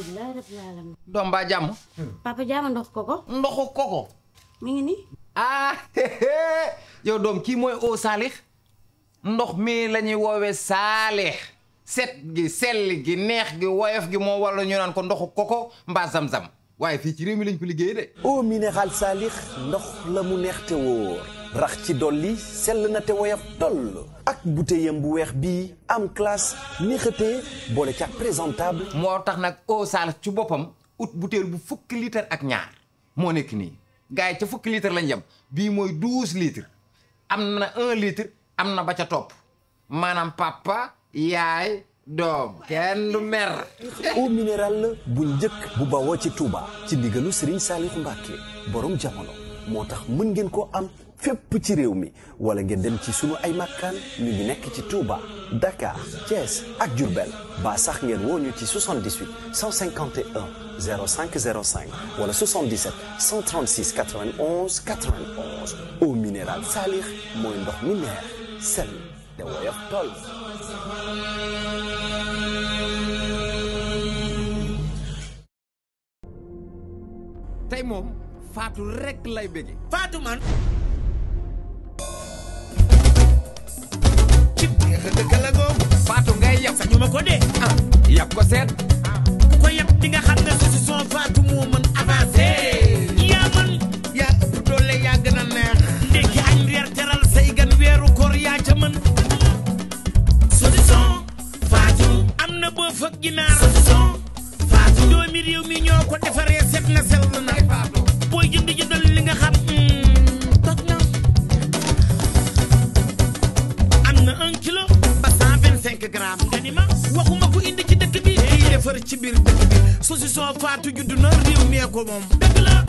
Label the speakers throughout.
Speaker 1: alhamdulilah rabbil alamin. papa jam ndox koko. ndox koko. mi ah yow dom ki moy o salih ndox mii la wowe salih set gi sel gi neex gi woyof gi wala ñu ko koko mba zam-zam waaye ci lañ ko liggéey de. xal salih
Speaker 2: na te ak bouteillam bu weex bii am
Speaker 1: classe neexatee boole ca présentable. moo tax nag eau Salif ci boppam ut bouteille bu fukki litre ak ñaar moo nekk nii gars yi ca fukki litre lañ yem bii mooy douze litres am na un litre am na ba ca topp maanaam papa yaay. doom kenn du mer.
Speaker 2: eau minérale la bu njëkk bu bawoo ci Touba ci ndigalu Serigne Salihou Mbacké borom jamono moo tax mën ngeen koo am fépp ci réew mi wala ngeen dem ci sunu ay makkaan ñu ngi nekk ci Touba Dakar Thiès ak Diourbel ba sax ngeen woo ci 78 151 0505 wala 77 136 91 91 au minéral Salix mooy ndox mi neex sel te woyof toll.
Speaker 1: tey moom faatu lay bëgge Fatou man ci biir dëkk la ngoog faatu
Speaker 3: ngay yab sañu ko dee ah yab ko seet ah. ku ko yab di nga xam ne su si son faatu moo mën avancé yaa mën yaa ëpp doole yaa gën a neex ndekki añ reer teral say gan weeru koor yaa ca mën su faatu am na bëf ak ginaar su faatu doomi réew mi ñoo ko defaree set na sell na booy jënd jëndal li nga xam quelques grammes waxuma ko indi ci dëkk bi kii defar ci biir dëkk bi saucisson Fatou judd na réew mee ko
Speaker 4: moom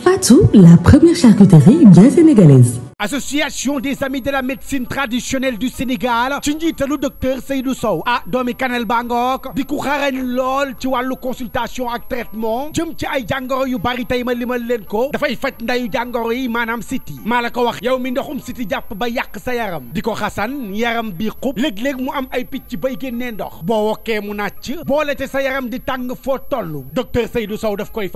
Speaker 4: Fatou la première charcuterie bien sénégalaise association des amis de la médecine traditionnelle du Sénégal ci njiitalu docteur Seydou Sow ah Domi Kanel Bangok, di Lol, xarañ ci consultation ak traitement jëm ci ay you yu bari tey ma limal leen ko dafay City. ndayu jàngoro yi Manam siti maa wax yow mi yaram di ko muam yaram bi xub léeg-léeg mu am ay picc bay génnee ndox boo mu docteur Seydou Sow dafay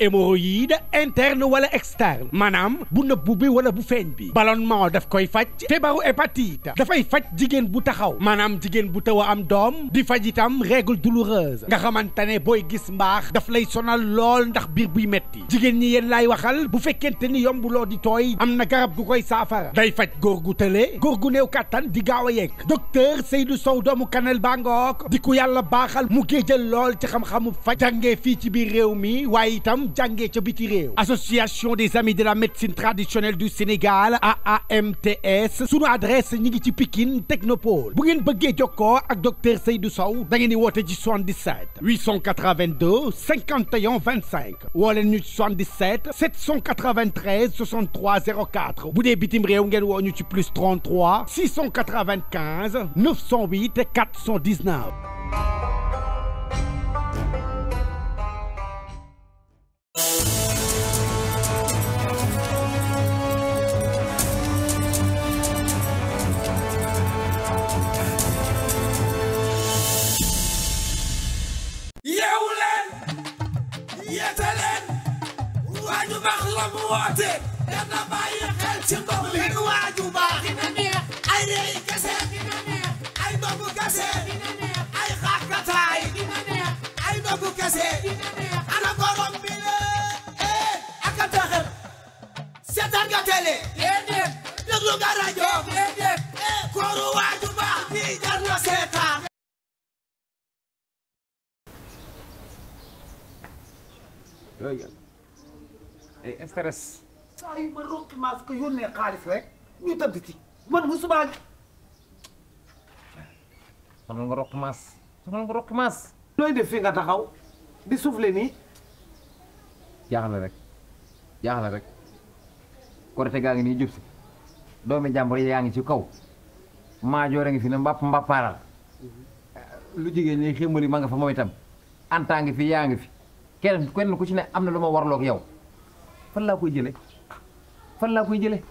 Speaker 4: hémorroïde interne wala externe Manam bu nëbbu bi wala bu jigéen bi ballonnement daf koy faj feebaru hépatite fay faj Madame bu taxaw manam jigen bu taw am Dom, di itam règle douloureuse nga xamantane boy gis mbax daf lay sonal lol ndax bir buy metti jigen ñi yeen lay waxal bu fekkente ni lo di toy am na garab gu koy saafara day faj góor gu di docteur Seydou Sow doomu kanel bangok di ku mu géejal lol ci xam-xamu ci mi itam biti association des amis de la médecine traditionnelle du Sénégal à amts Sous l'adresse ñi ci Technopole bu ngeen bague jokkoo ak docteur Seydou Sow da ngeen di 77 882 51 25 Ou 77 793 63 04 bitim plus 33 695 908 419.
Speaker 3: kese ay xakkataay ay dogu kese ana borom bi le eh ak taxal seetaan nga télé déedéet déglu nga rajo déedéet eh kooru waaju baax bi jar na seetaan
Speaker 1: ay stress saa yu ma rokki maas ko yónnee xaalis rek ñu tëdd ci man musuma sonal nga rokk maas sonal nga rokk maas looy def fi nga taxaw di souffler nii jaaxle rek jaaxle rek korite gaa ngi nii jub si doomi jàmbur yaa ngi ci kaw maajoore ngi fi eh, lu jigéen ñi xémbali ma nga fa moom itam antaa ngi fi yaa fi kenn kenn ku ci ne am na lu ma warloog yow fan laa koy fan koy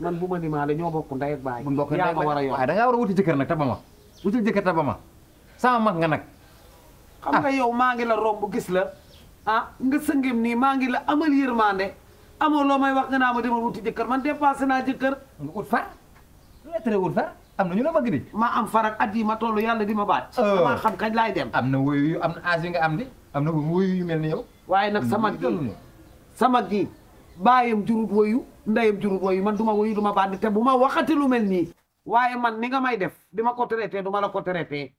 Speaker 1: man bu ma ni maa la ñoo bokk ndey ak baay bu bokk ndey da wuti jëkkër nag tabama utul jël jëkkër ba sama mak nga nak xam nga yow ma ngi la rombu gis la ah nga ah, sëngim ni ma ngi la amal yermane amo lo may wax nga ma demal ya, wuti jëkkër man dépassé na jëkkër. nga ut far nga terewul far am na ñu la bëgg di. ma am far ak ma tollu yalla di ma baat. damaa xam kañ lay dem. am na wuyu yu am na as nga am di am na wuyu yu melni yow. waye nak sama gi sama gi bayam jurut woyu ndayam jurut woyu man duma woyu duma baat te bu ma waxati lu melni waaye man ni nga may def di ma ko traité du ma la ko traité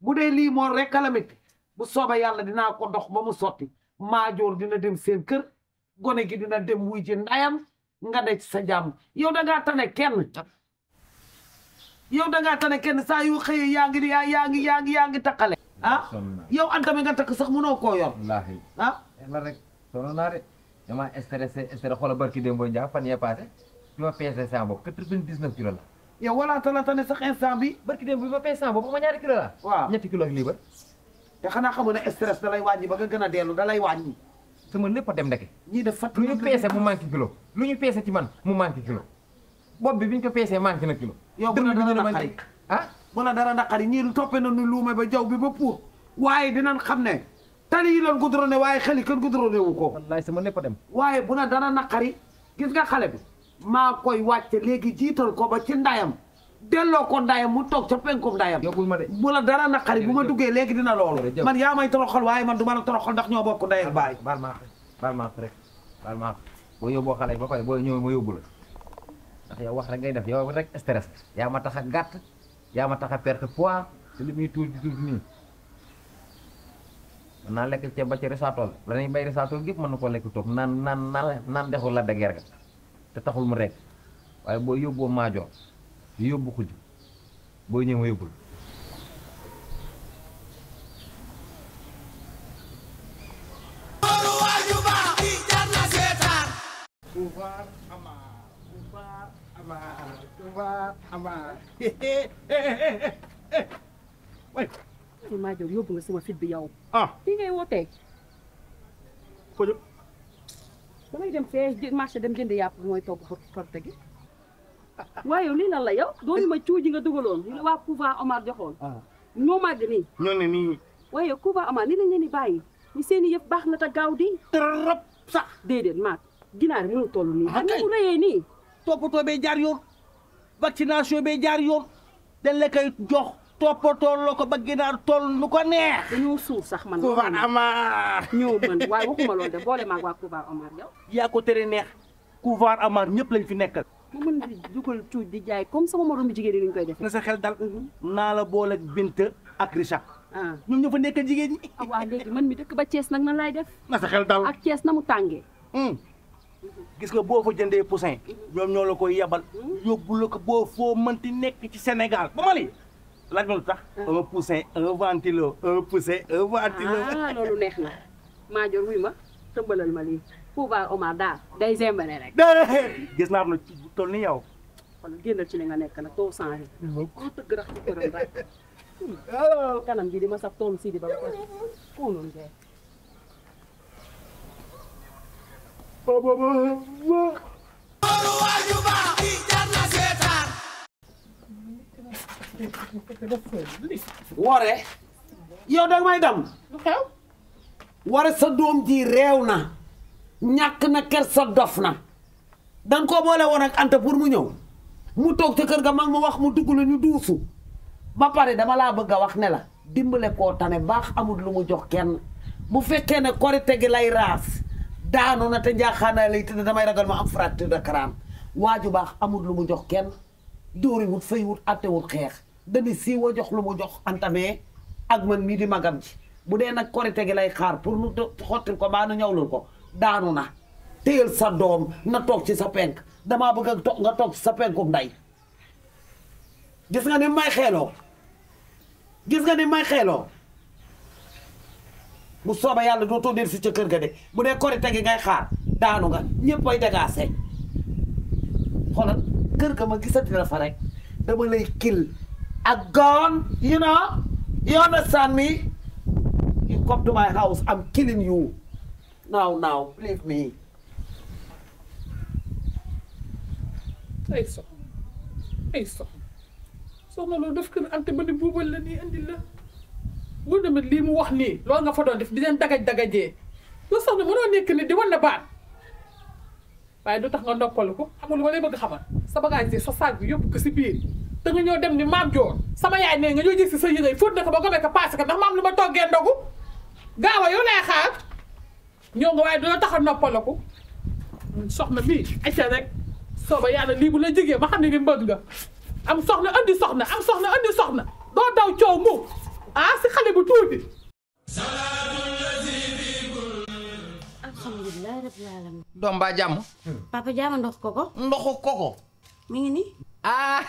Speaker 1: bu dee lii moo rek la metti bu soobee yàlla dinaa ko dox ba mu sotti maajoor dina dem seen kër gone gi dina dem wuy ci ndayam nga de sa jàmm yow da ngaa tane kenn yow da ngaa tane kenn saa yu xëyee yaa ngi yaa yaa ngi yaa ngi yaa ngi takkale ah yow anta mi nga takk sax mënoo koo yor wallaahi ah la rek sono naa de dama stressé stressé xoolal barki démb Ndiaye fan yee passé bi ma peese sama bopp la yow wala talaata ne sax instant bi barki dem bi ma instant boobu ma ñaari kilo la ñetti kilo lii ba te xanaa xamoon ne stress da lay wàññi ba nga gën a dellu da lay wàññi sama lépp a dem ndeke ñii def fat lu ñu peese mu manqué kilo lu ñu peese ci man mu manqué kilo bopp bi bi ñu ko peesee manqué na kilo yow bu la dara na ah bu la dara naqari ñii lu toppee na nu luume ba jaw bi ba pour waaye dinañ xam ne tali yi loon ne waaye xel yi kenn goudronné wu ko wallaay sama lépp a dem waaye bu la dara naqari gis nga xale bi ma koy wacc léegi jital ko ba ci ndayam delo ko ndayam mu tok ci penkum ndayam bu la dara nakari buma ma duggee dina lolou man ya may toroxal waaye man duma la toroxal ndax ño bokku ndayam baay baal ma baal ma rek ma bo yo bo xalé ba koy bo ñëwee ma yobul ndax ya wax rek ngay def yow rek stress ya ma tax a gàtt yaa ma tax perte poids ci limi tour tuuti tour ni na lek ci ba ci resatol la dañuy bay resatol gépp man ko lek tok nan nan nan naan la de gerga te taxul mu rekk waaye boo yóbboo maajoor yu yóbbu xuj boo ñëw ma yóbbul maajoor yóbbu nga sama fit bi yow ah li ngay damay dem fee marché dem jënd yàpp mooy togg pour torte gi waaye lii lan la yow doonu ma cuuji nga dugaloon li waa Couva Omar joxoon ah. ñoo màgg nii ñoo ne nii waaye Couva Omar ni lañ leen di bàyyi ñu seen i yëf baax na te gaaw di trop sax déedéet maag ginaar mënu toll nii ak ni mu rëyee nii toppatoo bay
Speaker 4: jaar yoon vaccination bay jaar yoon dañ la koy jox toppatoo la ko ba ginaar toll nu ko neex. dañoo suuf sax man. Touba Amar ñëw man waaye waxuma loolu de boole maag waa Touba Amar yow. yaa ko tere neex. Touba Amar ñëpp lañ fi nekkal.
Speaker 1: mu mën di dugal cuuj di jaay comme sama moromu jigéen ñi koy def na sa
Speaker 4: xel dal. Mhm. naa la booleeg Binta ak Richard.
Speaker 1: Ah. ñoom ñoo fa nekk jigéen ñi. ah man mi dëkk ba Thiès nag nan laay def.
Speaker 4: na sa xel dal ak Thiès na mu tàngee. Hmm. gis nga boo fa jëndee poussin. ñoom ñoo la koy yebal. Hmm. yóbbu la ko boo foo mënti nekk ci senegal ba Mali. lan lu tax un poussin un ventilo un poussin un ventilo ah
Speaker 1: loolu neex na maajoor wuy ma tëmbalal ma lii pouvoir Omar Da, day zembane rek
Speaker 4: gis naa na ci toll ni
Speaker 1: yow kon génnal ci li nga nekk nag doo changé ko tëgg rax ci këram rek kanam gi di ma sax toll si di ba ko ko noonu ngay Baba, wore yow dag may dam lu xew wara sa dom ji réew na na ker sa dof na dan ko boole woon ak anta pour mu ñëw mu tok ca kër ga mag ma wax mu dugg ñu duusu ba pare dama laa bëgg wax ne la dimbale koo tane baax amul lu mu jox kenn bu gi lay daanu na te njaaxaanaay lay tëdd damay ragal ma am da de crâne waaju baax amul lu mu jox kenn dóori wut fay wut wut demi sii wa jox lu mu jox antamee ak man mii di magam ji bu dee nag korite gi lay xaar pour nu xottil ko mbaa nu ñawlul ko daanu na téyel sa doom na toog ci sa penk damaa bëgg a toog nga toog sa penkum nday gis nga ni may xeeloo gis nga ni may xeeloo bu sooba yàlla dootoo del si ca kër ga de bu dee korite gi ngay xaar daanu nga ñëpp ay dagaase xoolal kër ka ma gisati la fa rek dama lay kil A gone, you know? You understand me? You come to my house, I'm killing you. Now, now, believe me. ay sox ay sox soxna loolu daf ko ante ni buubal la nii mu wax nii loolu nga di leen dagaj dagajee loolu sax na mënoo nekk di wan la baat waaye du tax nga noppalu ko sa bagage yi sa da nga ñoo dem ni maam joor sama yaay ne nga ñoo gis sa yére fóot na ko ba ko nekk paase ko ndax maam lu ma toggee ndogu gaaw a yow lay xaar ñëw nga waaye dina tax a noppalaku soxna bii acca rek sooba yàlla lii bu la jigee ma xam ne ni mbër nga am soxna andi soxna am soxna andi soxna doo daw coow mu ah si xale bu tuuti alhamdulilah rabbil alamin doom baa jàmm papa jàmm ndox koko ko koko mi ngi nii ah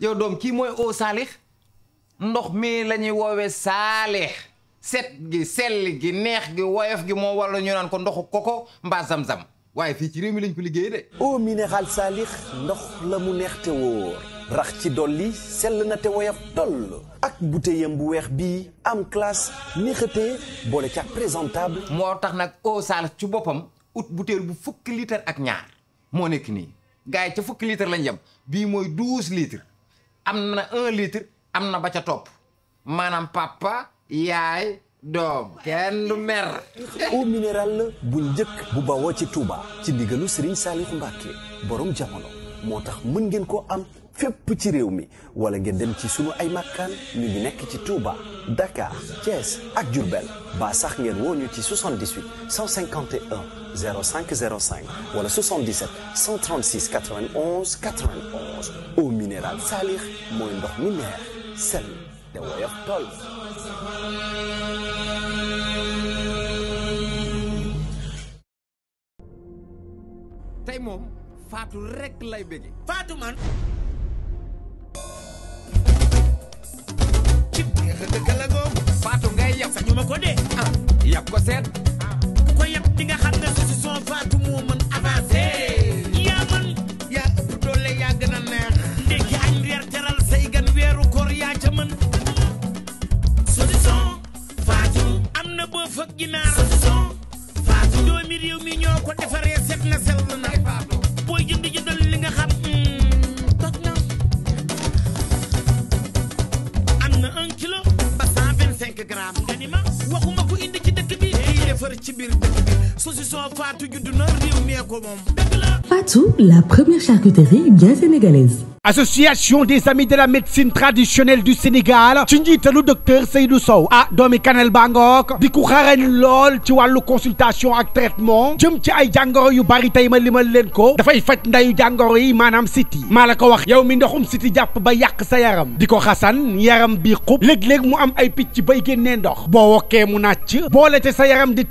Speaker 1: yow doom kii mooy eau saalix ndox mi lañuy woowe woowee saalix set gi sell gi neex gi woyof gi moo wala ñu naan ko ndoxu koko mbaa zam waaye fii ci réew mi lañ ko liggéey de eau minérale saalix
Speaker 2: ndox la mu neex te wóor rax ci dolli sell na te woyof toll ak
Speaker 1: bouteillam bu weex bii am classe neexatee boole ca présentable moo tax nag eau saalix ci boppam ut butéel bu fukki litre ak ñaar moo nekk nii gars yi ca fukki litre lañ yem bii mooy douze litres am na un litre am na ba ca topp maanaam papa yaay doom kenn du mer. eau
Speaker 2: minérale bu njëkk bu bawoo ci Touba ci ndigalu Serigne Salif Mbacke borom jamono moo tax mën ngeen koo am. fépp ci réew mi wala ngeen dem ci sunu ay makkaan ñu ngi nekk ci Touba Dakar Thiès ak Diourbel ba sax ngeen woo ci 78 151 0505 wala 77 136 91 91 eau minéral Salix mooy ndox mi neex sell te
Speaker 1: woyof toll. tey moom Fatou rek lay bëgg Fatou man. faatu ngay yab sax ñu ma ko dee ah yab ko seet
Speaker 3: ah, ku ko xam ne su faatu moo mën avancé yaa man yaa ëpp doole yaa gën a añ reer teral say gan weeru koor yaa mën su faatu am na boo fëg ginaar su si son faatu mi ñoo ko defaree set na sell na
Speaker 4: tout la première charcuterie bien sénégalaise association des amis de la médecine traditionnelle du Sénégal Tindit le docteur Seydou Sow ah Domi Canel Bangok, di Lol, l'ol ci consultation et traitement jëm ci ay jàngoro yu bari tey ma limal leen ko dafay faj ndayu jàngoro yi maanaam siti maa wax yow mi ndoxum siti yaram di ko xasan yaram bi mu am ay bay génnee ndox te sa yaram di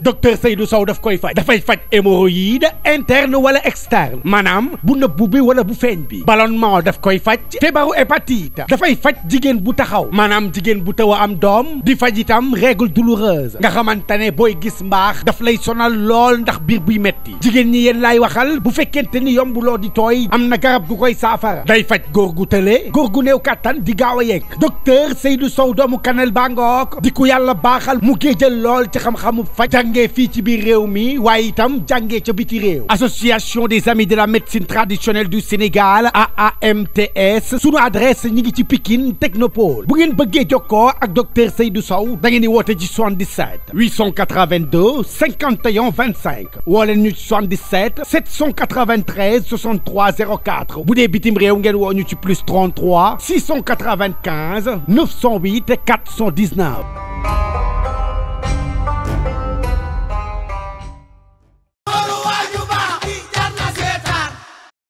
Speaker 4: docteur Seydou Sow daf koy dafay hémorroïde interne wala externe Manam bu nëbbu bi wala bu weñ bi ballonnement daf koy faj feebaru hépatite fay faj jigen bu taxaw manam jigen bu taw am dom di faj itam règle douloureuse nga xamantane boy gis mbax daf lay sonal lol ndax bir buy metti jigen ñi lay waxal bu ni di toy am na garab gu koy safara day faj góor gu gu di gawa yek docteur Seydou Sow doomu kanel bangok ngook di ku mu géejal lol ci xam-xamu ci mi itam biti association des amis de la médecine traditionnelle du Sénégal Sénégal AAMTS Sous adresse Nigiti ngi ci Technopole bu ngeen bëggee jokkoo ak docteur Seydou Sow da ngeen di 77 882 51 25 77 793 6304 04 vous plus 33 695 908 419.